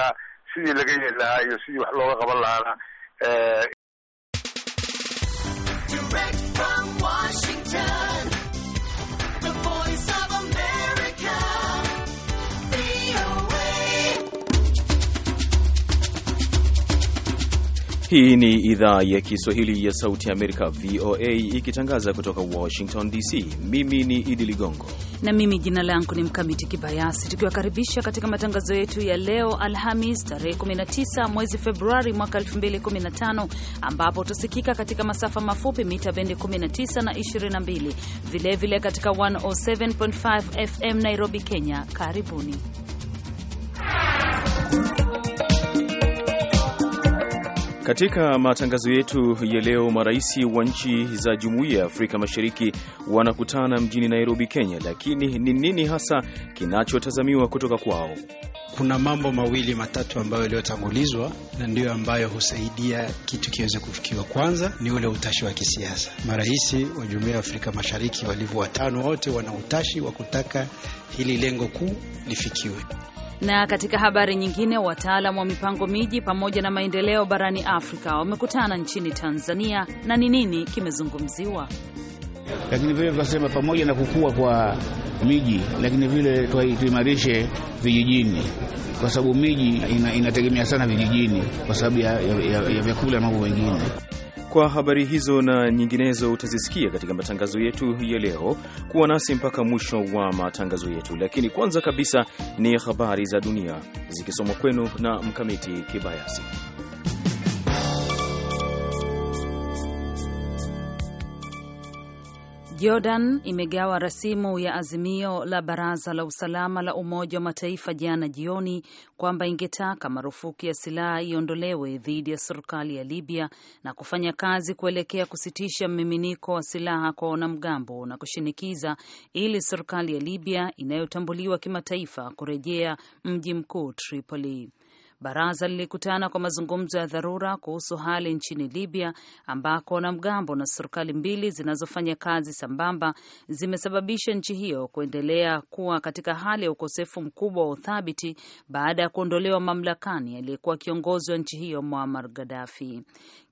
jirtaa sidii laga yeeli lahaa iyo sidii wax looga qaban lahaana e eh, Hii ni idhaa ya Kiswahili ya Sauti ya Amerika, VOA, ikitangaza kutoka Washington DC. Mimi ni Idi Ligongo na mimi jina langu ni Mkamiti Kibayasi, tukiwakaribisha katika matangazo yetu ya leo Alhamis tarehe 19 mwezi Februari mwaka 2015, ambapo utasikika katika masafa mafupi mita bendi 19 na 22, vilevile vile katika 107.5 FM Nairobi, Kenya. Karibuni katika matangazo yetu ya leo, marais wa nchi za Jumuiya ya Afrika Mashariki wanakutana mjini Nairobi, Kenya, lakini ni nini hasa kinachotazamiwa kutoka kwao? Kuna mambo mawili matatu ambayo yaliyotangulizwa na ndiyo ambayo husaidia kitu kiweze kufikiwa. Kwanza ni ule utashi wa kisiasa. Marais wa Jumuiya ya Afrika Mashariki walivyo watano, wote wana utashi wa kutaka hili lengo kuu lifikiwe. Na katika habari nyingine, wataalam wa mipango miji pamoja na maendeleo barani Afrika wamekutana nchini Tanzania, na ni nini kimezungumziwa? Lakini vile tunasema pamoja na kukua kwa miji, lakini vile tuimarishe vijijini, kwa sababu miji inategemea ina sana vijijini kwa sababu ya vyakula na mambo mengine. Kwa habari hizo na nyinginezo utazisikia katika matangazo yetu ya leo. Kuwa nasi mpaka mwisho wa matangazo yetu, lakini kwanza kabisa ni habari za dunia zikisomwa kwenu na Mkamiti Kibayasi. Jordan imegawa rasimu ya azimio la Baraza la Usalama la Umoja wa Mataifa jana jioni kwamba ingetaka marufuku ya silaha iondolewe dhidi ya serikali ya Libya na kufanya kazi kuelekea kusitisha mmiminiko wa silaha kwa wanamgambo na kushinikiza ili serikali ya Libya inayotambuliwa kimataifa kurejea mji mkuu Tripoli. Baraza lilikutana kwa mazungumzo ya dharura kuhusu hali nchini Libya, ambako wanamgambo na serikali mbili zinazofanya kazi sambamba zimesababisha nchi hiyo kuendelea kuwa katika hali ya ukosefu mkubwa wa uthabiti baada ya kuondolewa mamlakani aliyekuwa kiongozi wa nchi hiyo Muammar Gaddafi.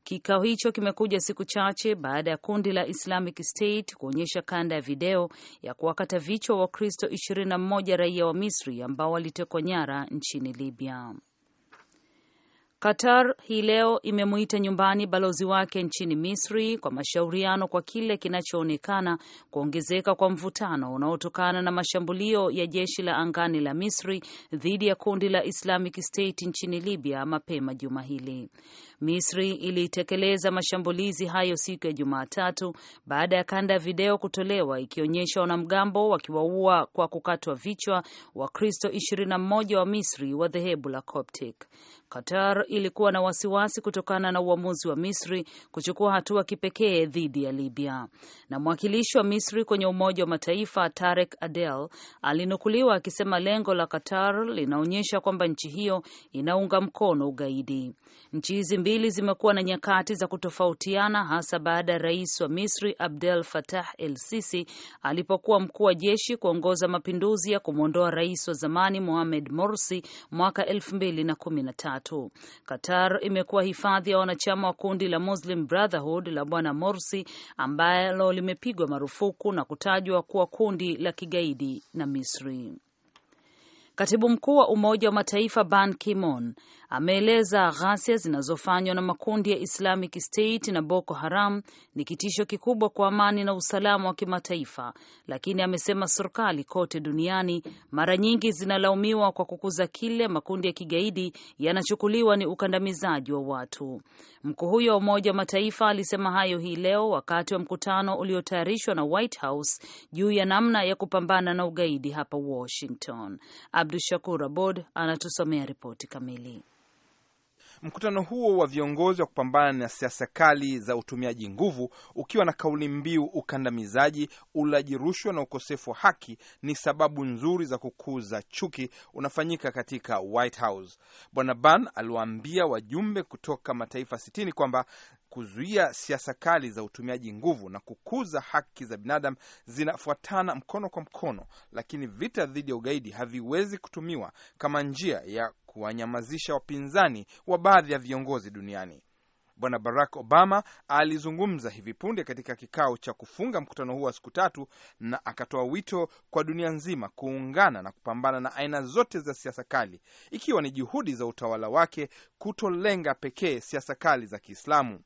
Kikao hicho kimekuja siku chache baada ya kundi la Islamic State kuonyesha kanda ya video ya kuwakata vichwa Wakristo 21 raia wa Misri ambao walitekwa nyara nchini Libya. Qatar hii leo imemuita nyumbani balozi wake nchini Misri kwa mashauriano kwa kile kinachoonekana kuongezeka kwa mvutano unaotokana na mashambulio ya jeshi la angani la Misri dhidi ya kundi la Islamic State nchini Libya mapema juma hili. Misri ilitekeleza mashambulizi hayo siku ya Jumatatu baada ya kanda ya video kutolewa ikionyesha wanamgambo wakiwaua kwa kukatwa vichwa Wakristo 21 wa Misri wa dhehebu la Coptic. Qatar ilikuwa na wasiwasi kutokana na uamuzi wa Misri kuchukua hatua kipekee dhidi ya Libya. Na mwakilishi wa Misri kwenye Umoja wa Mataifa Tarek Adel alinukuliwa akisema lengo la Qatar linaonyesha kwamba nchi hiyo inaunga mkono ugaidi. Nchi hizi mbili zimekuwa na nyakati za kutofautiana, hasa baada ya rais wa Misri Abdel Fattah El Sisi alipokuwa mkuu wa jeshi kuongoza mapinduzi ya kumwondoa rais wa zamani Mohamed Morsi mwaka 2013. Qatar imekuwa hifadhi ya wanachama wa kundi la Muslim Brotherhood la bwana Morsi ambalo limepigwa marufuku na kutajwa kuwa kundi la kigaidi na Misri. Katibu mkuu wa Umoja wa Mataifa Ban Ki-moon ameeleza ghasia zinazofanywa na makundi ya Islamic State na Boko Haram ni kitisho kikubwa kwa amani na usalama wa kimataifa, lakini amesema serikali kote duniani mara nyingi zinalaumiwa kwa kukuza kile makundi ya kigaidi yanachukuliwa ni ukandamizaji wa watu. Mkuu huyo wa Umoja wa Mataifa alisema hayo hii leo wakati wa mkutano uliotayarishwa na White House juu ya namna ya kupambana na ugaidi hapa Washington. Abdu Shakur Abod anatusomea ripoti kamili. Mkutano huo wa viongozi wa kupambana na siasa kali za utumiaji nguvu ukiwa na kauli mbiu ukandamizaji, ulaji rushwa na ukosefu wa haki ni sababu nzuri za kukuza chuki, unafanyika katika White House. Bwana Ban aliwaambia wajumbe kutoka mataifa sitini kwamba kuzuia siasa kali za utumiaji nguvu na kukuza haki za binadamu zinafuatana mkono kwa mkono, lakini vita dhidi ya ugaidi haviwezi kutumiwa kama njia ya kuwanyamazisha wapinzani wa baadhi ya viongozi duniani. Bwana Barack Obama alizungumza hivi punde katika kikao cha kufunga mkutano huo wa siku tatu, na akatoa wito kwa dunia nzima kuungana na kupambana na aina zote za siasa kali, ikiwa ni juhudi za utawala wake kutolenga pekee siasa kali za Kiislamu.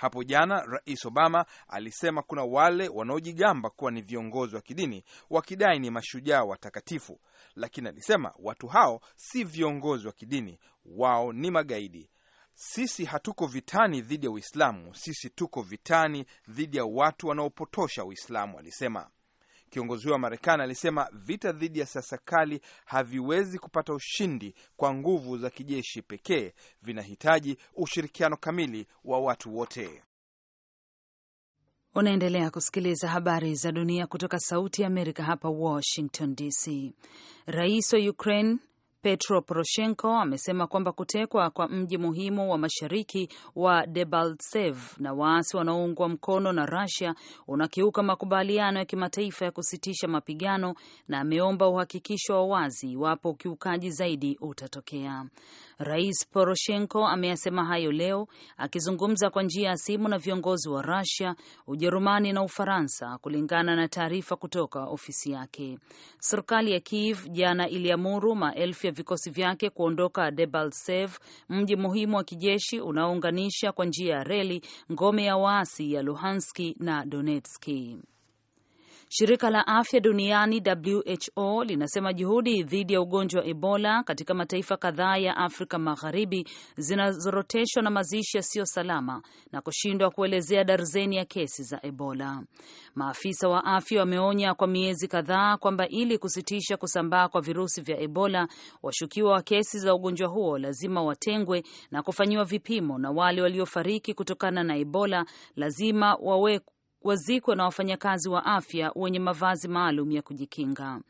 Hapo jana Rais Obama alisema kuna wale wanaojigamba kuwa ni viongozi wa kidini wakidai ni mashujaa watakatifu, lakini alisema watu hao si viongozi wa kidini, wao ni magaidi. Sisi hatuko vitani dhidi ya Uislamu, sisi tuko vitani dhidi ya watu wanaopotosha Uislamu, alisema. Kiongozi huyo wa Marekani alisema vita dhidi ya siasa kali haviwezi kupata ushindi kwa nguvu za kijeshi pekee, vinahitaji ushirikiano kamili wa watu wote. Unaendelea kusikiliza habari za dunia kutoka Sauti ya Amerika hapa Washington DC. Rais wa Ukraine Petro Poroshenko amesema kwamba kutekwa kwa mji muhimu wa mashariki wa Debaltsev na waasi wanaoungwa mkono na Russia unakiuka makubaliano ya kimataifa ya kusitisha mapigano na ameomba uhakikisho wa wazi iwapo ukiukaji zaidi utatokea. Rais Poroshenko ameyasema hayo leo akizungumza kwa njia ya simu na viongozi wa Russia, Ujerumani na Ufaransa, kulingana na taarifa kutoka ofisi yake. Serikali ya Kiev jana iliamuru maelfu kuvilazimisha vikosi vyake kuondoka Debaltseve, mji muhimu wa kijeshi unaounganisha kwa njia ya reli ngome ya waasi ya Luhanski na Donetski. Shirika la afya duniani WHO linasema juhudi dhidi ya ugonjwa wa Ebola katika mataifa kadhaa ya Afrika Magharibi zinazoroteshwa na mazishi yasiyo salama na kushindwa kuelezea darzeni ya kesi za Ebola. Maafisa wa afya wameonya kwa miezi kadhaa kwamba ili kusitisha kusambaa kwa virusi vya Ebola, washukiwa wa kesi za ugonjwa huo lazima watengwe na kufanyiwa vipimo, na wale waliofariki kutokana na Ebola lazima wawe wazikwa na wafanyakazi wa afya wenye mavazi maalum ya kujikinga.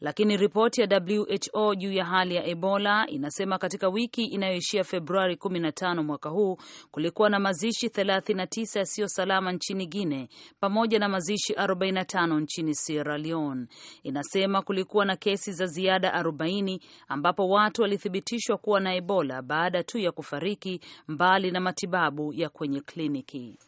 Lakini ripoti ya WHO juu ya hali ya Ebola inasema katika wiki inayoishia Februari 15 mwaka huu kulikuwa na mazishi 39 yasiyo salama nchini guine pamoja na mazishi 45 nchini Sierra Leone. Inasema kulikuwa na kesi za ziada 40 ambapo watu walithibitishwa kuwa na Ebola baada tu ya kufariki mbali na matibabu ya kwenye kliniki.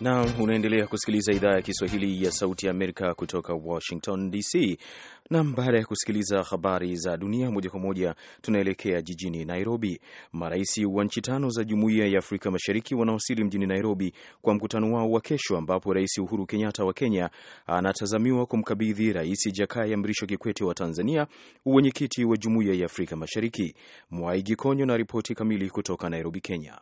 na unaendelea kusikiliza idhaa ya Kiswahili ya Sauti ya Amerika kutoka Washington DC. Na baada ya kusikiliza habari za dunia moja kwa moja, tunaelekea jijini Nairobi. Marais wa nchi tano za Jumuiya ya Afrika Mashariki wanawasili mjini Nairobi kwa mkutano wao wa kesho, ambapo Rais Uhuru Kenyatta wa Kenya anatazamiwa kumkabidhi Rais Jakaya Mrisho Kikwete wa Tanzania uwenyekiti wa Jumuiya ya Afrika Mashariki. Mwaigi Konyo na ripoti kamili kutoka Nairobi, Kenya.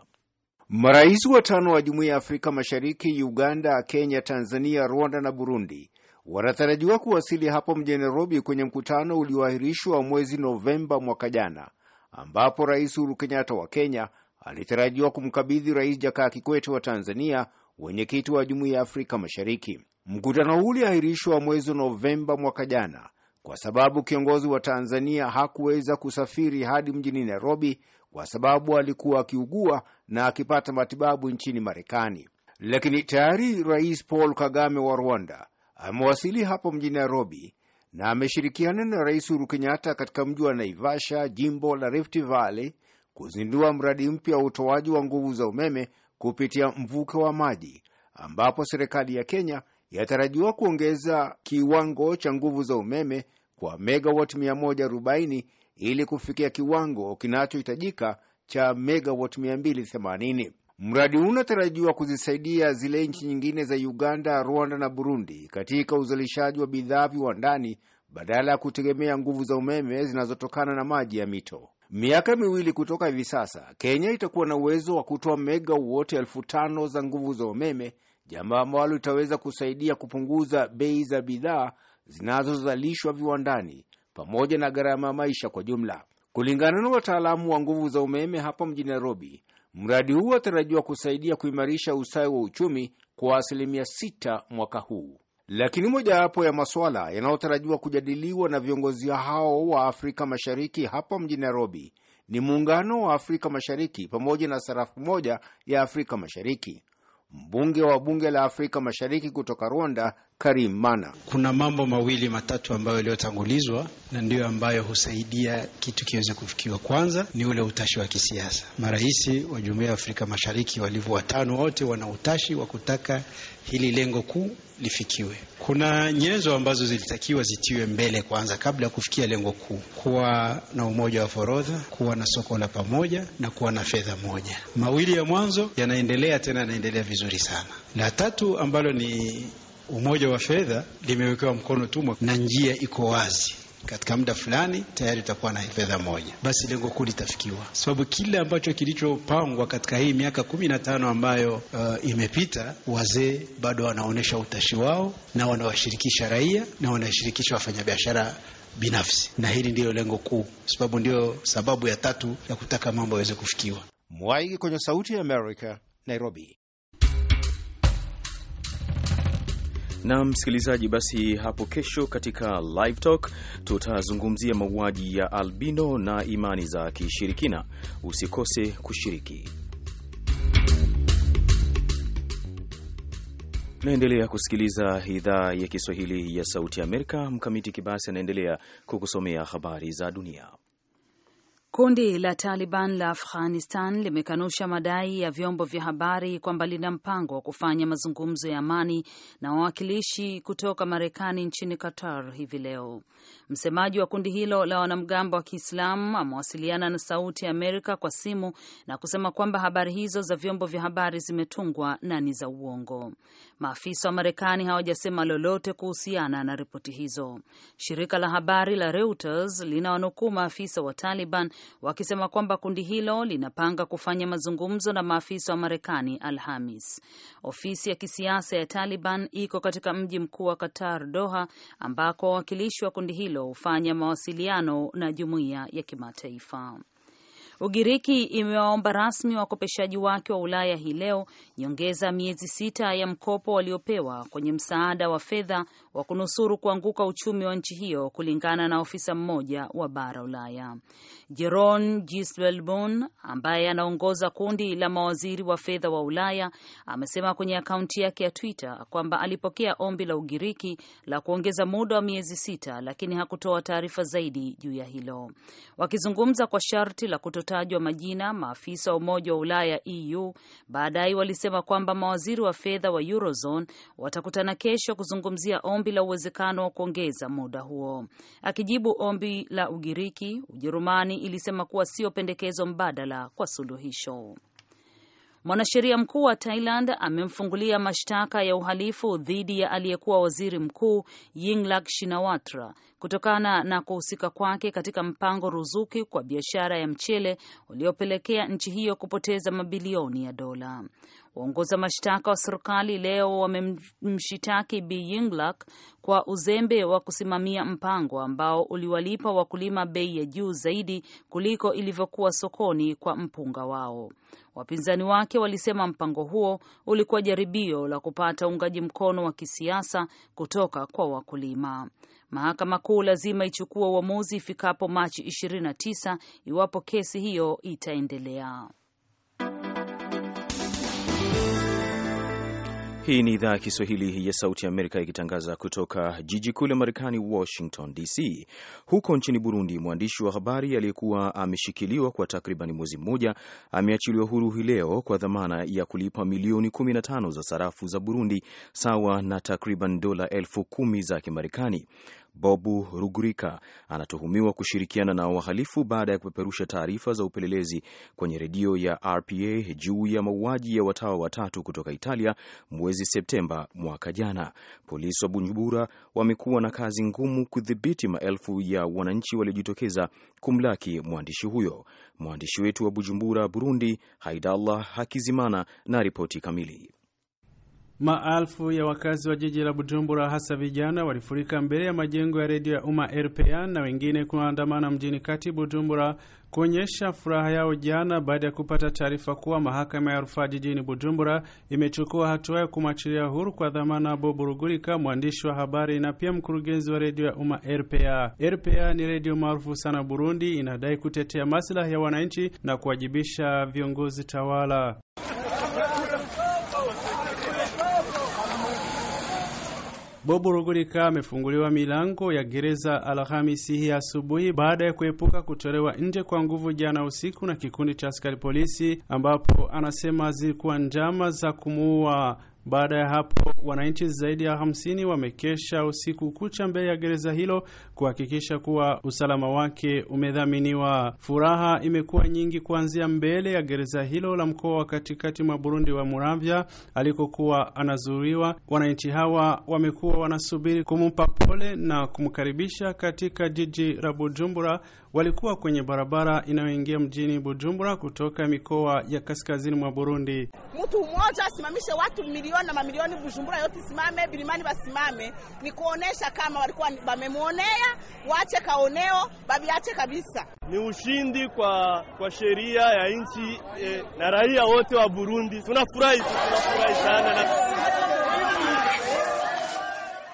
Marais watano wa Jumuiya ya Afrika Mashariki, Uganda, Kenya, Tanzania, Rwanda na Burundi wanatarajiwa kuwasili hapo mjini Nairobi kwenye mkutano ulioahirishwa mwezi Novemba mwaka jana, ambapo Rais Uhuru Kenyatta wa Kenya alitarajiwa kumkabidhi Rais Jakaya Kikwete wa Tanzania wenyekiti wa Jumuiya ya Afrika Mashariki. Mkutano huu uliahirishwa mwezi Novemba mwaka jana kwa sababu kiongozi wa Tanzania hakuweza kusafiri hadi mjini Nairobi kwa sababu alikuwa akiugua na akipata matibabu nchini Marekani. Lakini tayari Rais Paul Kagame wa Rwanda amewasili hapo mjini Nairobi na ameshirikiana na Rais Uhuru Kenyatta katika mji wa Naivasha, jimbo la Rift Valley, kuzindua mradi mpya wa utoaji wa nguvu za umeme kupitia mvuke wa maji, ambapo serikali ya Kenya yatarajiwa kuongeza kiwango cha nguvu za umeme kwa megawati 140 ili kufikia kiwango kinachohitajika cha megawatt 280. Mradi huu unatarajiwa kuzisaidia zile nchi nyingine za Uganda, Rwanda na Burundi katika uzalishaji wa bidhaa viwandani badala ya kutegemea nguvu za umeme zinazotokana na maji ya mito. Miaka miwili kutoka hivi sasa, Kenya itakuwa na uwezo wa kutoa megawati elfu tano za nguvu za umeme, jambo ambalo litaweza kusaidia kupunguza bei za bidhaa zinazozalishwa viwandani pamoja na gharama ya maisha kwa jumla. Kulingana na wataalamu wa nguvu za umeme hapa mjini Nairobi, mradi huu unatarajiwa kusaidia kuimarisha ustawi wa uchumi kwa asilimia sita mwaka huu. Lakini mojawapo ya masuala yanayotarajiwa kujadiliwa na viongozi hao wa Afrika Mashariki hapa mjini Nairobi ni muungano wa Afrika Mashariki pamoja na sarafu moja ya Afrika Mashariki mbunge wa bunge la Afrika Mashariki kutoka Rwanda, Karim Mana. Kuna mambo mawili matatu ambayo yaliyotangulizwa na ndiyo ambayo husaidia kitu kiweze kufikiwa. Kwanza ni ule utashi wa kisiasa. Marais wa Jumuiya ya Afrika Mashariki walivyo watano, wote wana utashi wa kutaka hili lengo kuu lifikiwe. Kuna nyenzo ambazo zilitakiwa zitiwe mbele kwanza kabla ya kufikia lengo kuu: kuwa na umoja wa forodha, kuwa na soko la pamoja na kuwa na fedha moja. Mawili ya mwanzo yanaendelea, tena yanaendelea vizuri sana. La tatu ambalo ni umoja wa fedha limewekewa mkono tumwa na njia iko wazi katika muda fulani tayari utakuwa na fedha moja, basi lengo kuu litafikiwa, sababu kile ambacho kilichopangwa katika hii miaka kumi na tano ambayo uh, imepita, wazee bado wanaonyesha utashi wao na wanawashirikisha raia na wanashirikisha wafanyabiashara binafsi, na hili ndiyo lengo kuu, sababu ndiyo sababu ya tatu ya kutaka mambo yaweze kufikiwa. Mwaigi kwenye Sauti ya Amerika, Nairobi. Na msikilizaji, basi hapo kesho katika Live Talk tutazungumzia mauaji ya albino na imani za kishirikina. Usikose kushiriki. Naendelea kusikiliza idhaa ya Kiswahili ya Sauti ya Amerika. Mkamiti Kibasi anaendelea kukusomea habari za dunia. Kundi la Taliban la Afghanistan limekanusha madai ya vyombo vya habari kwamba lina mpango wa kufanya mazungumzo ya amani na wawakilishi kutoka Marekani nchini Qatar hivi leo. Msemaji wa kundi hilo la wanamgambo wa Kiislamu amewasiliana na Sauti ya Amerika kwa simu na kusema kwamba habari hizo za vyombo vya habari zimetungwa na ni za uongo. Maafisa wa Marekani hawajasema lolote kuhusiana na ripoti hizo. Shirika la habari la Reuters linawanukuu maafisa wa Taliban wakisema kwamba kundi hilo linapanga kufanya mazungumzo na maafisa wa Marekani Alhamis. Ofisi ya kisiasa ya Taliban iko katika mji mkuu wa Qatar, Doha, ambako wawakilishi wa kundi hilo hufanya mawasiliano na jumuiya ya kimataifa. Ugiriki imewaomba rasmi wakopeshaji wake wa Ulaya hii leo nyongeza miezi sita ya mkopo waliopewa kwenye msaada wa fedha wa kunusuru kuanguka uchumi wa nchi hiyo, kulingana na ofisa mmoja wa bara Ulaya. Jeron Gisbelbon ambaye anaongoza kundi la mawaziri wa fedha wa Ulaya amesema kwenye akaunti yake ya Twitter kwamba alipokea ombi la Ugiriki la kuongeza muda wa miezi sita, lakini hakutoa taarifa zaidi juu ya hilo. Wakizungumza kwa sharti la kuto kutajwa majina maafisa wa Umoja wa Ulaya EU baadaye walisema kwamba mawaziri wa fedha wa Eurozone watakutana kesho kuzungumzia ombi la uwezekano wa kuongeza muda huo. Akijibu ombi la Ugiriki, Ujerumani ilisema kuwa sio pendekezo mbadala kwa suluhisho. Mwanasheria mkuu wa Thailand amemfungulia mashtaka ya uhalifu dhidi ya aliyekuwa waziri mkuu Yingluck Shinawatra kutokana na kuhusika kwake katika mpango ruzuki kwa biashara ya mchele uliopelekea nchi hiyo kupoteza mabilioni ya dola. Waongoza mashtaka wa serikali leo wamemshitaki Bi Yingluck kwa uzembe wa kusimamia mpango ambao uliwalipa wakulima bei ya juu zaidi kuliko ilivyokuwa sokoni kwa mpunga wao. Wapinzani wake walisema mpango huo ulikuwa jaribio la kupata uungaji mkono wa kisiasa kutoka kwa wakulima. Mahakama Kuu lazima ichukue uamuzi ifikapo Machi 29 iwapo kesi hiyo itaendelea. Hii ni idhaa ya Kiswahili ya Sauti ya Amerika ikitangaza kutoka jiji kuu la Marekani, Washington DC. Huko nchini Burundi, mwandishi wa habari aliyekuwa ameshikiliwa kwa takriban mwezi mmoja ameachiliwa huru hii leo kwa dhamana ya kulipa milioni 15 za sarafu za Burundi, sawa na takriban dola elfu kumi za Kimarekani. Bobu Rugurika anatuhumiwa kushirikiana na wahalifu baada ya kupeperusha taarifa za upelelezi kwenye redio ya RPA juu ya mauaji ya watawa watatu kutoka Italia mwezi Septemba mwaka jana. Polisi wa Bunjubura wamekuwa na kazi ngumu kudhibiti maelfu ya wananchi waliojitokeza kumlaki mwandishi huyo. Mwandishi wetu wa Bujumbura, Burundi, Haidallah Hakizimana na ripoti kamili. Maelfu ya wakazi wa jiji la Bujumbura, hasa vijana, walifurika mbele ya majengo ya redio ya umma RPA na wengine kuandamana mjini kati Bujumbura kuonyesha furaha yao jana baada ya kupata taarifa kuwa mahakama ya rufaa jijini Bujumbura imechukua hatua ya kumwachilia huru kwa dhamana Bob Rugurika, mwandishi wa habari na pia mkurugenzi wa redio ya umma RPA. RPA ni redio maarufu sana Burundi, inadai kutetea maslahi ya wananchi na kuwajibisha viongozi tawala. bobu Rugurika amefunguliwa milango ya gereza Alhamisi hii asubuhi baada ya kuepuka kutolewa nje kwa nguvu jana usiku na kikundi cha askari polisi, ambapo anasema zilikuwa njama za kumuua baada ya hapo, wananchi zaidi ya 50 wamekesha usiku kucha mbele ya gereza hilo kuhakikisha kuwa usalama wake umedhaminiwa. Furaha imekuwa nyingi kuanzia mbele ya gereza hilo la mkoa wa katikati mwa Burundi wa muravya alikokuwa anazuriwa. Wananchi hawa wamekuwa wanasubiri kumpa pole na kumkaribisha katika jiji la Bujumbura. Walikuwa kwenye barabara inayoingia mjini Bujumbura kutoka mikoa ya kaskazini mwa Burundi. Mtu mmoja asimamishe watu milioni milioni na mamilioni Bujumbura yote simame, Bilimani basimame, ni kuonesha kama walikuwa wamemwonea, wache kaoneo, babiache kabisa. Ni ushindi kwa, kwa sheria ya nchi eh, na raia wote wa Burundi tunafurahi, tunafurahi sana na...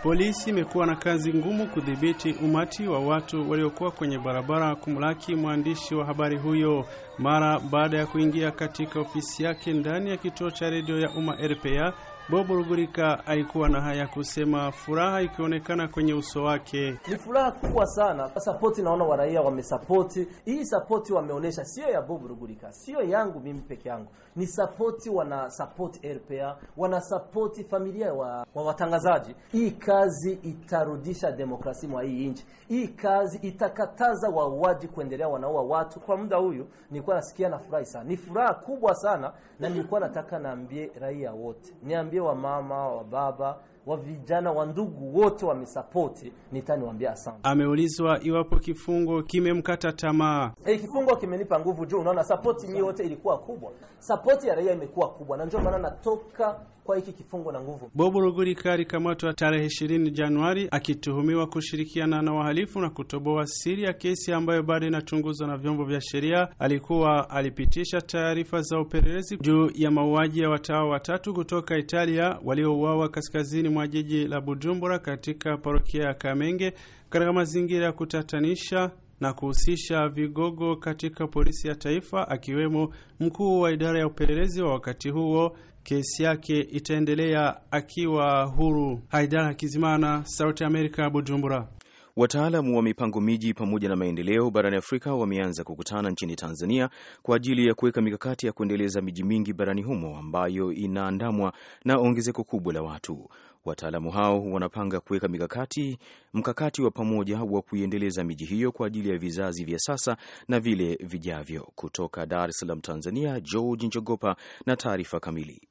Polisi imekuwa na kazi ngumu kudhibiti umati wa watu waliokuwa kwenye barabara kumlaki mwandishi wa habari huyo mara baada ya kuingia katika ofisi yake ndani ya kituo cha redio ya umma RPA Bob Rugurika alikuwa na haya kusema, furaha ikionekana kwenye uso wake. Ni furaha kubwa sana, sapoti naona waraia wamesapoti hii. Sapoti wameonyesha sio ya Bob Rugurika, sio yangu mimi peke yangu, ni sapoti, wana sapoti RPA, wana sapoti familia wa, wa watangazaji. Hii kazi itarudisha demokrasia mwa hii nchi. Hii kazi itakataza wauaji kuendelea wanaua watu. Kwa muda huyu nilikuwa nasikia na furahi sana, ni furaha kubwa sana, na nilikuwa nataka naambie raia wote niambie waambie wamama wababa wa vijana wa ndugu wote wamesapoti, nitaniwaambia asante. Ameulizwa iwapo kifungo kimemkata tamaa. E, kifungo kimenipa nguvu juu unaona sapoti mimi yote ilikuwa kubwa, sapoti ya raia imekuwa kubwa, na ndio maana natoka kwa hiki kifungo na nguvu. Bob Rugurika alikamatwa tarehe 20 Januari akituhumiwa kushirikiana na wahalifu na kutoboa siri ya kesi ambayo bado inachunguzwa na vyombo vya sheria. Alikuwa alipitisha taarifa za upelelezi juu ya mauaji ya watawa watatu kutoka Italia waliouawa kaskazini mwa jiji la Bujumbura katika parokia ya Kamenge katika mazingira ya kutatanisha na kuhusisha vigogo katika polisi ya taifa akiwemo mkuu wa idara ya upelelezi wa wakati huo. Kesi yake itaendelea akiwa huru. Haidara Kizimana, Sauti Amerika, Bujumbura. Wataalamu wa mipango miji pamoja na maendeleo barani Afrika wameanza kukutana nchini Tanzania kwa ajili ya kuweka mikakati ya kuendeleza miji mingi barani humo ambayo inaandamwa na ongezeko kubwa la watu. Wataalamu hao wanapanga kuweka mikakati mkakati wa pamoja wa kuiendeleza miji hiyo kwa ajili ya vizazi vya sasa na vile vijavyo. Kutoka Dar es Salaam, Tanzania, George Njogopa na taarifa kamili.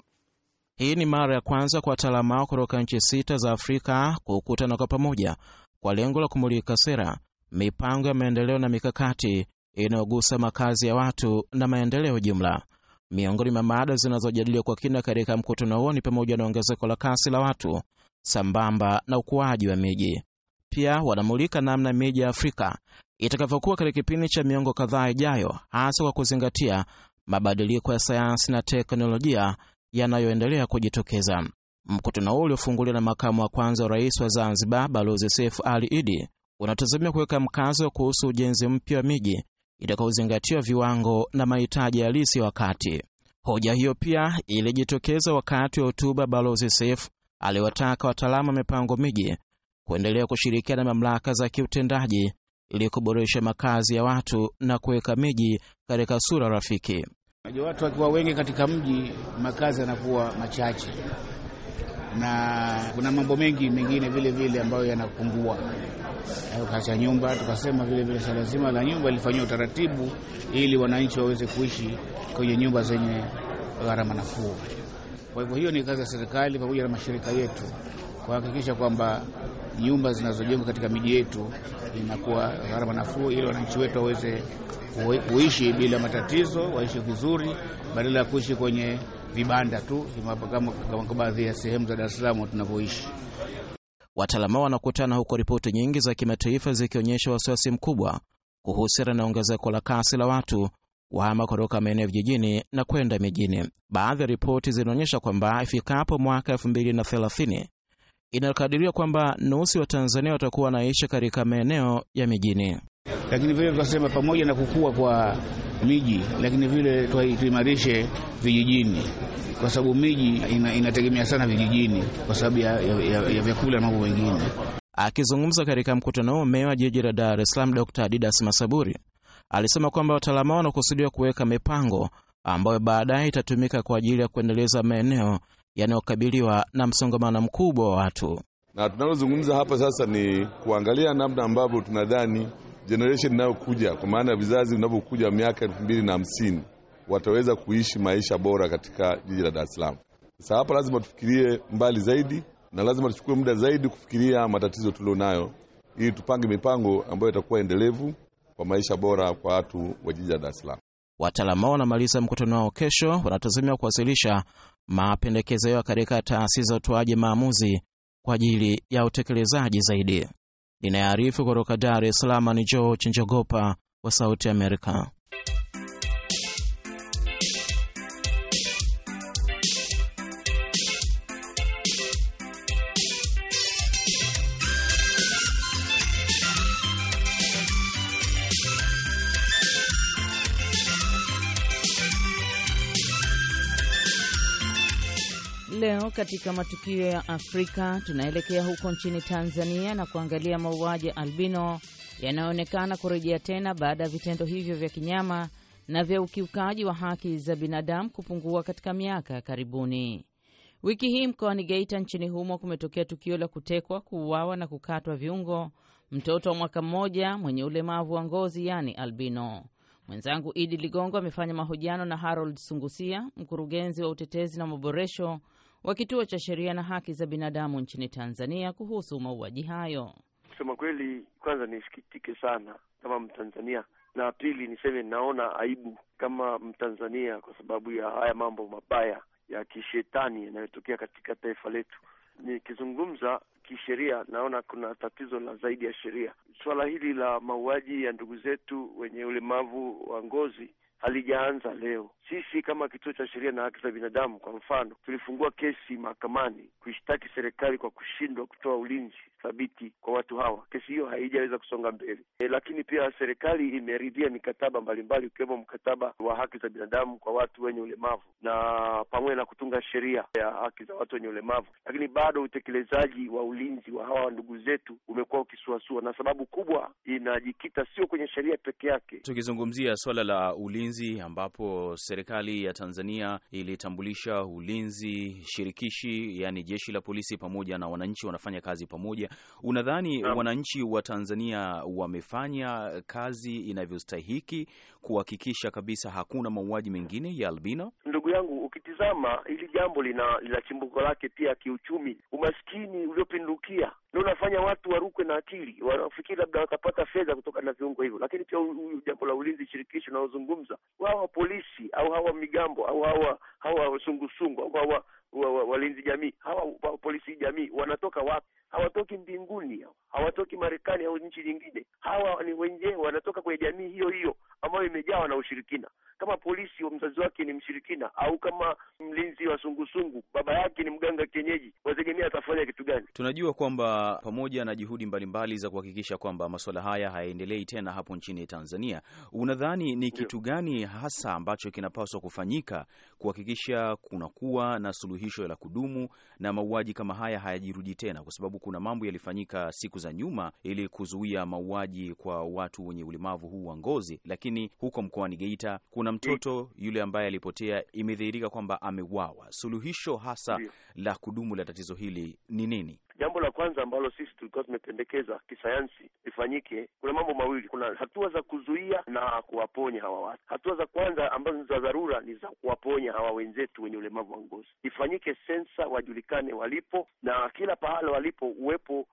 Hii ni mara ya kwanza kwa wataalamu hao kutoka nchi sita za Afrika kukutana kwa pamoja kwa lengo la kumulika sera, mipango ya maendeleo na mikakati inayogusa makazi ya watu na maendeleo jumla. Miongoni mwa mada zinazojadiliwa kwa kina katika mkutano huo ni pamoja na ongezeko la kasi la watu sambamba na ukuaji wa miji. Pia wanamulika namna miji ya Afrika itakavyokuwa katika kipindi cha miongo kadhaa ijayo, hasa kwa kuzingatia mabadiliko ya sayansi na teknolojia yanayoendelea kujitokeza. Mkutano huo uliofunguliwa na makamu wa kwanza wa rais wa Zanzibar, Balozi Seif Ali Idi, unatazamia kuweka mkazo kuhusu ujenzi mpya wa miji itakaozingatia viwango na mahitaji halisi ya wakati. Hoja hiyo pia ilijitokeza wakati wa hotuba Balozi Seif aliwataka wataalamu wa mipango miji kuendelea kushirikiana na mamlaka za kiutendaji ili kuboresha makazi ya watu na kuweka miji katika sura rafiki. Watu wakiwa wengi katika mji, makazi yanakuwa machache na kuna mambo mengi mengine vile vile ambayo yanapungua eh, ukaacha nyumba. Tukasema vile vile swala zima la nyumba lifanyia utaratibu ili wananchi waweze kuishi kwenye nyumba zenye gharama nafuu. Kwa hivyo hiyo ni kazi ya serikali pamoja na mashirika yetu kuhakikisha kwamba nyumba zinazojengwa katika miji yetu inakuwa gharama nafuu, ili wananchi wetu waweze kuishi bila matatizo, waishi vizuri badala ya kuishi kwenye vibanda tu kama baadhi ya sehemu za Dar es Salaam tunavyoishi. Wataalamu wanakutana huko, ripoti nyingi za kimataifa zikionyesha wasiwasi mkubwa kuhusiana na ongezeko la kasi la watu wahama kutoka maeneo vijijini na kwenda mijini. Baadhi ya ripoti zinaonyesha kwamba ifikapo mwaka 2030 inakadiriwa kwamba nusu wa Tanzania watakuwa wanaishi katika maeneo ya mijini. Lakini vile tunasema pamoja na kukua kwa miji, lakini vile tuimarishe vijijini, kwa sababu miji inategemea ina sana vijijini kwa sababu ya, ya, ya, ya vyakula na mambo mengine. Akizungumza katika mkutano huo, meya wa jiji la Dar es Salaam Dr. Didas Masaburi alisema kwamba wataalamu hao wanakusudia kuweka mipango ambayo baadaye itatumika kwa ajili ya kuendeleza maeneo yanayokabiliwa na msongamano mkubwa wa watu. Na tunalozungumza hapa sasa ni kuangalia namna ambavyo tunadhani generation inayokuja, kwa maana ya vizazi vinavyokuja miaka elfu mbili na hamsini wataweza kuishi maisha bora katika jiji la Dar es Salaam. Sasa hapa lazima tufikirie mbali zaidi na lazima tuchukue muda zaidi kufikiria matatizo tulionayo, ili tupange mipango ambayo itakuwa endelevu kwa maisha bora kwa watu wa jiji la Dar es Salaam. Wataalamu wanamaliza mkutano wao kesho, wanatazamia kuwasilisha mapendekezo yao katika taasisi za utoaji maamuzi kwa ajili ya utekelezaji zaidi. Inayoarifu kutoka Dar es Salaam ni George Njogopa wa Sauti Amerika. leo katika matukio ya Afrika tunaelekea huko nchini Tanzania na kuangalia mauaji ya albino yanayoonekana kurejea tena baada ya vitendo hivyo vya kinyama na vya ukiukaji wa haki za binadamu kupungua katika miaka ya karibuni. Wiki hii mkoani Geita nchini humo kumetokea tukio la kutekwa, kuuawa na kukatwa viungo mtoto wa mwaka mmoja mwenye ulemavu wa ngozi yaani albino. Mwenzangu Idi Ligongo amefanya mahojiano na Harold Sungusia, mkurugenzi wa utetezi na maboresho wa kituo cha sheria na haki za binadamu nchini Tanzania kuhusu mauaji hayo. Kusema kweli, kwanza nisikitike sana kama Mtanzania, na pili niseme naona aibu kama Mtanzania kwa sababu ya haya mambo mabaya ya kishetani yanayotokea katika taifa letu. Nikizungumza kisheria, naona kuna tatizo la zaidi ya sheria. Suala hili la mauaji ya ndugu zetu wenye ulemavu wa ngozi halijaanza leo. Sisi kama Kituo cha Sheria na Haki za Binadamu, kwa mfano, tulifungua kesi mahakamani kuishtaki serikali kwa kushindwa kutoa ulinzi thabiti kwa watu hawa. Kesi hiyo haijaweza kusonga mbele e, lakini pia serikali imeridhia mikataba mbalimbali ukiwemo mkataba wa haki za binadamu kwa watu wenye ulemavu na pamoja na kutunga sheria ya haki za watu wenye ulemavu, lakini bado utekelezaji wa ulinzi wa hawa ndugu zetu umekuwa ukisuasua, na sababu kubwa inajikita sio kwenye sheria peke yake. Tukizungumzia swala la ulinzi ulinzi, ambapo serikali ya Tanzania ilitambulisha ulinzi shirikishi, yani jeshi la polisi pamoja na wananchi wanafanya kazi pamoja. Unadhani wananchi wa Tanzania wamefanya kazi inavyostahiki kuhakikisha kabisa hakuna mauaji mengine ya albino? Ndugu yangu, ukitizama hili jambo lina, lina chimbuko lake pia kiuchumi, umaskini uliopindukia na unafanya watu warukwe na akili, wanafikiri labda watapata fedha kutoka na viungo hivyo. Lakini pia huyu jambo la ulinzi shirikishi unaozungumza, hawa polisi au hawa migambo au hawa hawa sungusungu au hawa wa, wa, walinzi jamii hawa wa, polisi jamii wanatoka wapi? Hawatoki mbinguni, hawatoki Marekani au nchi nyingine. Hawa ni wenyewe wanatoka kwenye jamii hiyo hiyo ambayo imejawa na ushirikina. Kama polisi wa mzazi wake ni mshirikina au kama mlinzi wa wasungusungu, baba yake ni mganga kienyeji, wategemea atafanya kitu gani? Tunajua kwamba pamoja na juhudi mbalimbali za kuhakikisha kwamba masuala haya hayaendelei tena hapo nchini Tanzania, unadhani ni kitu gani hasa ambacho kinapaswa kufanyika kuhakikisha kunakuwa na suluhisho la kudumu na mauaji kama haya hayajirudi tena? Kwa sababu kuna mambo yalifanyika siku za nyuma ili kuzuia mauaji kwa watu wenye ulemavu huu wa ngozi, lakini huko mkoani Geita kuna mtoto yule ambaye alipotea, imedhihirika kwamba ameuawa suluhisho hasa la kudumu la tatizo hili ni nini? Jambo la kwanza ambalo sisi tulikuwa tumependekeza kisayansi lifanyike, kuna mambo mawili, kuna hatua za kuzuia na kuwaponya hawa watu. Hatua za kwanza ambazo ni za dharura ni za kuwaponya hawa wenzetu wenye ulemavu wa ngozi. Ifanyike sensa, wajulikane walipo, na kila pahala walipo uwepo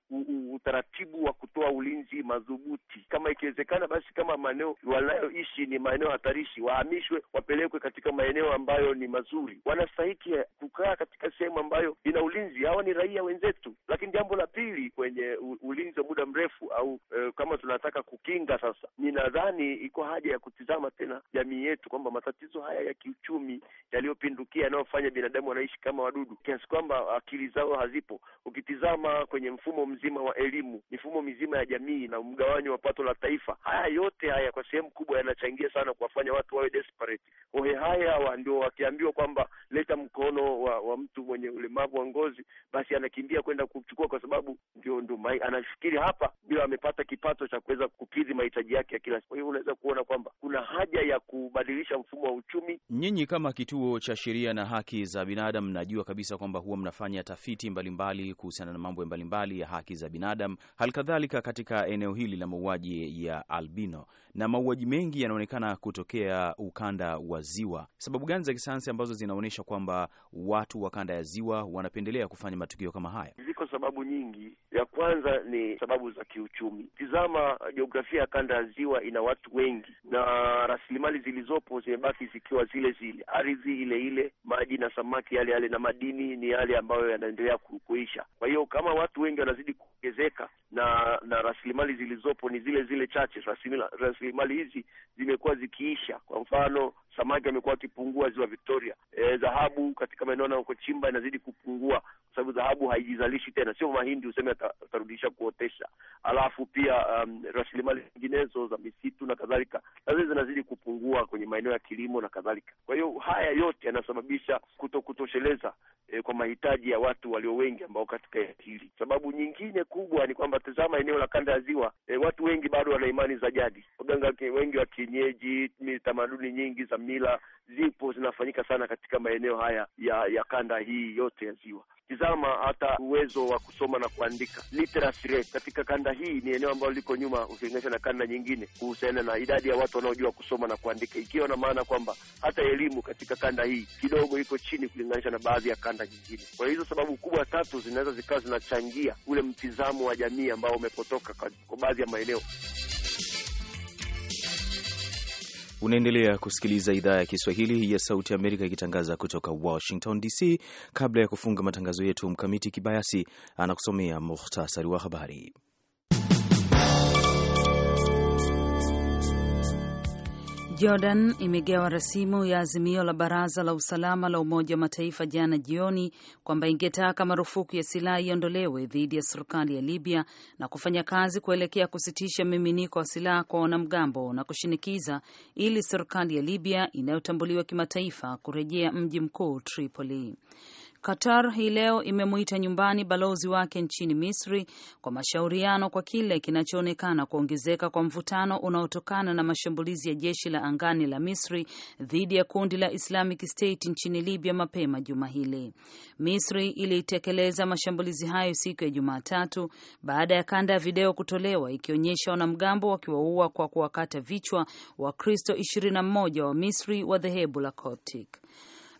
utaratibu wa kutoa ulinzi madhubuti. Kama ikiwezekana, basi kama maeneo wanayoishi ni maeneo hatarishi, wahamishwe, wapelekwe katika maeneo ambayo ni mazuri. Wanastahiki kukaa katika sehemu ambayo ina ulinzi. Hawa ni raia wenzetu. Lakini jambo la pili kwenye ulinzi wa muda mrefu au e, kama tunataka kukinga sasa, ninadhani iko haja ya kutizama tena jamii yetu kwamba matatizo haya ya kiuchumi yaliyopindukia yanayofanya binadamu wanaishi kama wadudu kiasi kwamba akili zao hazipo. Ukitizama kwenye mfumo mzima wa elimu, mifumo mizima ya jamii na mgawanyo wa pato la taifa, haya yote haya kwa sehemu kubwa yanachangia sana kuwafanya watu wawe desperate. Hohe haya wa ndio wakiambiwa kwamba leta mkono wa, wa mtu mwenye ulemavu wa ngozi, basi anakimbia kwenda ku kuchukua, kwa sababu ndio ndo anafikiri hapa ndio amepata kipato cha kuweza kukidhi mahitaji yake ya kila siku. Kwa hiyo unaweza kuona kwamba kuna haja ya kubadilisha mfumo wa uchumi. Nyinyi kama kituo cha sheria na haki za binadamu, najua kabisa kwamba huwa mnafanya tafiti mbalimbali kuhusiana na mambo mbalimbali ya haki za binadamu, halikadhalika katika eneo hili la mauaji ya albino, na mauaji mengi yanaonekana kutokea ukanda wa Ziwa. Sababu gani za kisayansi ambazo zinaonyesha kwamba watu wa kanda ya Ziwa wanapendelea kufanya matukio kama haya? Ziko sababu nyingi. Ya kwanza ni sababu za kiuchumi. Tizama uh, jiografia ya kanda ya ziwa ina watu wengi na rasilimali zilizopo zimebaki zikiwa zile zile, ardhi ile ile, maji na samaki yale yale, na madini ni yale ambayo yanaendelea kuisha. Kwa hiyo kama watu wengi wanazidi kuongezeka na na rasilimali zilizopo ni zile zile chache, rasilimali hizi zimekuwa zikiisha. Kwa mfano samaki amekuwa akipungua ziwa Victoria. E, dhahabu katika maeneo anayochimba inazidi kupungua kwa sababu dhahabu haijizalishi tena, sio mahindi useme atarudisha kuotesha. Alafu pia um, rasilimali zinginezo za misitu na kadhalika nazo zinazidi kupungua kwenye maeneo ya kilimo na kadhalika. Kwa hiyo haya yote yanasababisha kuto kutosheleza eh, kwa mahitaji ya watu walio wengi ambao katika hili. Sababu nyingine kubwa ni kwamba tazama, eneo la kanda ya ziwa eh, watu wengi bado wana imani za jadi, waganga wengi wa kienyeji, tamaduni nyingi za mila zipo zinafanyika sana katika maeneo haya ya, ya kanda hii yote ya ziwa tizama hata uwezo wa kusoma na kuandika literacy rate katika kanda hii ni eneo ambalo liko nyuma ukilinganisha na kanda nyingine kuhusiana na idadi ya watu wanaojua kusoma na kuandika, ikiwa na maana kwamba hata elimu katika kanda hii kidogo iko chini kulinganisha na baadhi ya kanda nyingine. Kwa hizo sababu kubwa tatu zinaweza zikawa zinachangia ule mtizamo wa jamii ambao umepotoka kwa baadhi ya maeneo. Unaendelea kusikiliza idhaa ya Kiswahili ya Sauti Amerika ikitangaza kutoka Washington DC. Kabla ya kufunga matangazo yetu, Mkamiti Kibayasi anakusomea muhtasari wa habari. Jordan imegawa rasimu ya azimio la Baraza la Usalama la Umoja wa Mataifa jana jioni kwamba ingetaka marufuku ya silaha iondolewe dhidi ya serikali ya Libya na kufanya kazi kuelekea kusitisha miminiko wa silaha kwa wanamgambo na kushinikiza ili serikali ya Libya inayotambuliwa kimataifa kurejea mji mkuu Tripoli. Qatar hii leo imemuita nyumbani balozi wake nchini Misri kwa mashauriano kwa kile kinachoonekana kuongezeka kwa mvutano unaotokana na mashambulizi ya jeshi la angani la Misri dhidi ya kundi la Islamic State nchini Libya mapema juma hili. Misri ilitekeleza mashambulizi hayo siku ya Jumatatu baada ya kanda ya video kutolewa ikionyesha wanamgambo wakiwaua kwa kuwakata vichwa Wakristo 21 wa Misri wa dhehebu la Coptic.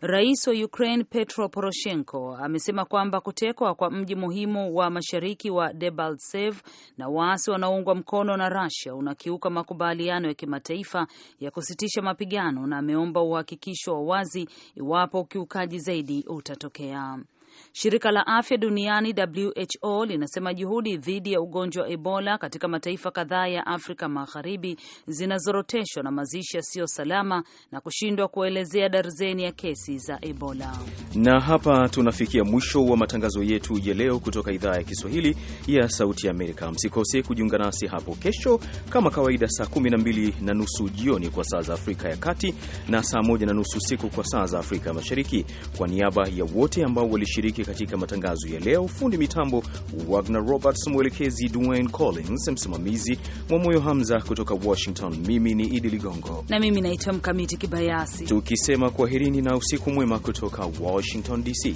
Rais wa Ukraine Petro Poroshenko amesema kwamba kutekwa kwa mji muhimu wa mashariki wa Debaltsev na waasi wanaoungwa mkono na Russia unakiuka makubaliano ya kimataifa ya kusitisha mapigano na ameomba uhakikisho wa wazi iwapo ukiukaji zaidi utatokea. Shirika la afya duniani WHO linasema juhudi dhidi ya ugonjwa wa Ebola katika mataifa kadhaa ya Afrika Magharibi zinazoroteshwa na mazishi yasiyo salama na kushindwa kuelezea darzeni ya kesi za Ebola. Na hapa tunafikia mwisho wa matangazo yetu ya leo kutoka idhaa ya Kiswahili ya Sauti ya Amerika. Msikose kujiunga nasi hapo kesho kama kawaida, saa 12 na nusu jioni kwa saa za Afrika ya Kati na saa 1 na nusu siku kwa saa za Afrika Mashariki. Kwa niaba ya wote ambao walishiriki kushiriki katika matangazo ya leo, fundi mitambo Wagner Roberts, mwelekezi Dwayne Collins, msimamizi mwa moyo Hamza kutoka Washington. Mimi ni Idi Ligongo na mimi naitwa Mkamiti Kibayasi, tukisema kwaherini na usiku mwema kutoka Washington DC.